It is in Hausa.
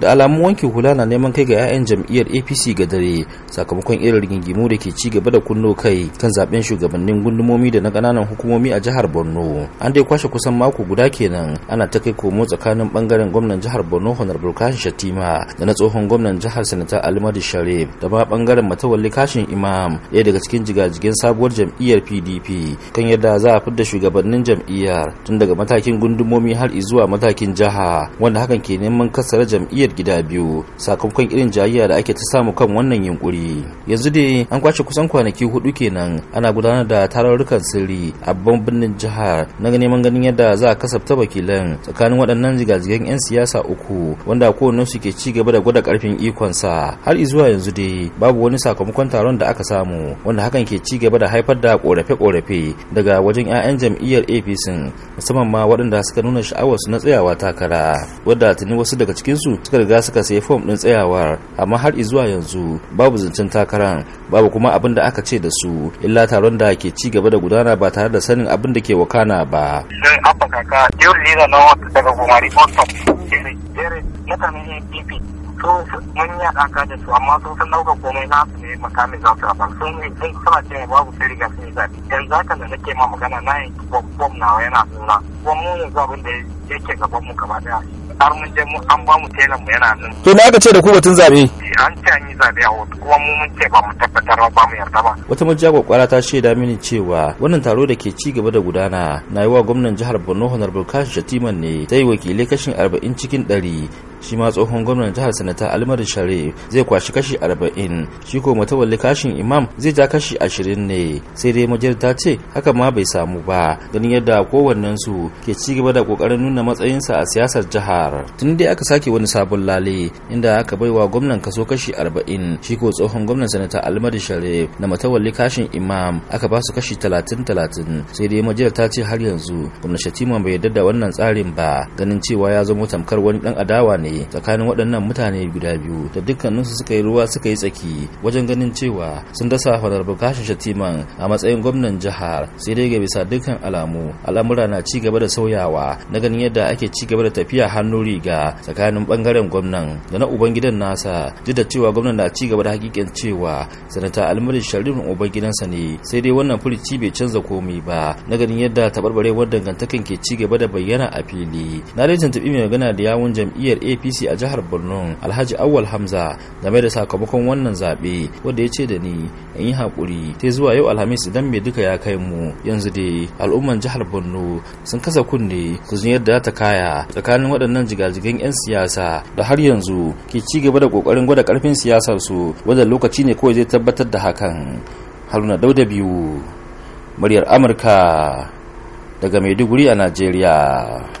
da alamun wanke hula na neman kai ga 'ya'yan jam'iyyar apc ga dare sakamakon irin rigingimu da ke ci gaba da kunno kai kan zaben shugabannin gundumomi da na kananan hukumomi a jihar borno an dai kwashe kusan mako guda kenan ana ta kai komo tsakanin bangaren gwamnan jihar borno honorable kashin shatima da na tsohon gwamnan jihar sanata alimadu sharif da ma bangaren matawalli kashin imam ɗaya daga cikin jigajigen sabuwar jam'iyyar pdp kan yadda za a fidda shugabannin jam'iyyar tun daga matakin gundumomi har zuwa matakin jiha wanda hakan ke neman kasara jam'iyyar jam'iyyar gida biyu sakamakon irin jayayya da ake ta samu kan wannan yunkuri yanzu dai an kwace kusan kwanaki hudu kenan ana gudanar da tararrukan sirri a babban birnin jihar na neman ganin yadda za a kasafta wakilan tsakanin waɗannan zigazigan 'yan siyasa uku wanda kowanne su ke ci gaba da gwada karfin ikon sa har zuwa yanzu dai babu wani sakamakon taron da aka samu wanda hakan ke ci gaba da haifar da korafe-korafe daga wajen 'ya'yan jam'iyyar apc musamman ma waɗanda suka nuna sha'awar su na tsayawa takara wadda tuni wasu daga cikinsu suka suka riga suka sayi fom ɗin tsayawar amma har zuwa yanzu babu zancen takaran babu kuma abin da aka ce da su illa taron da ke ci gaba da gudana ba tare da sanin abin da ke wakana ba. Sun haɓa kaka, yau lera na wata daga gomari, wata jere, na tamihin mun yi alaka da su amma sun san komai na su ne makamin za su rabar sun yi sun suna ce babu sai riga sun yi zaɓe yanzu haka da nake ma magana na yanki bom nawa yana suna kuma mun yanzu abin da yake gaban mu gaba ɗaya har mun je an ba mu telan mu yana nan to na aka ce da ku batun zabe eh, an ce an yi zabe a wato kuma mu mun ce ba mu tabbatar ba mu yarda ba wata majiya kwakwara ta shaida mini cewa wannan taro da ke ci gaba da gudana na yi gwamnan jihar Borno Honorable Kashi Shatiman ne ta yi wakilai kashin 40 cikin 100 shi ma tsohon gwamnan jihar sanata almar share zai kwashi kashi arba'in shi ko matawalli kashin imam zai ja kashi ashirin ne sai dai majiyar ta ce haka ma bai samu ba ganin yadda kowannen su ke ci gaba da kokarin nuna matsayinsa a siyasar jihar tun dai aka sake wani sabon lale inda aka baiwa gwamnan kaso kashi arba'in shi ko tsohon gwamnan sanata almar share na matawalli kashin imam aka ba su kashi talatin talatin sai dai majiyar ta ce har yanzu gwamnan shatima bai yarda da wannan tsarin ba ganin cewa ya zama tamkar wani dan adawa ne mutane tsakanin waɗannan mutane guda biyu da dukkaninsu suka yi ruwa suka yi tsaki wajen ganin cewa sun dasa fadar bukashin shatiman a matsayin gwamnan jihar sai dai ga bisa dukkan alamu al'amura na ci gaba da sauyawa na ganin yadda ake ci gaba da tafiya hannu riga tsakanin bangaren gwamnan da na ubangidan nasa duk da cewa gwamnan na ci gaba da hakikin cewa sanata almarin sharifin ubangidansa ne sai dai wannan furici bai canza komai ba na ganin yadda tabarbarewar dangantakan ke ci gaba da bayyana a fili na dai tuntuɓi mai magana da yawun jam'iyyar apc a jihar borno alhaji awal hamza game da sakamakon wannan zaɓe wanda ya ce da ni in yi haƙuri sai zuwa yau alhamis idan mai duka ya kai mu yanzu dai al'umman jihar borno sun kasa kunne su jin yadda ta kaya tsakanin waɗannan jigajigan 'yan siyasa da har yanzu ke ci gaba da ƙoƙarin gwada ƙarfin siyasar su wanda lokaci ne kawai zai tabbatar da hakan haruna dauda biyu muryar amurka daga maiduguri a najeriya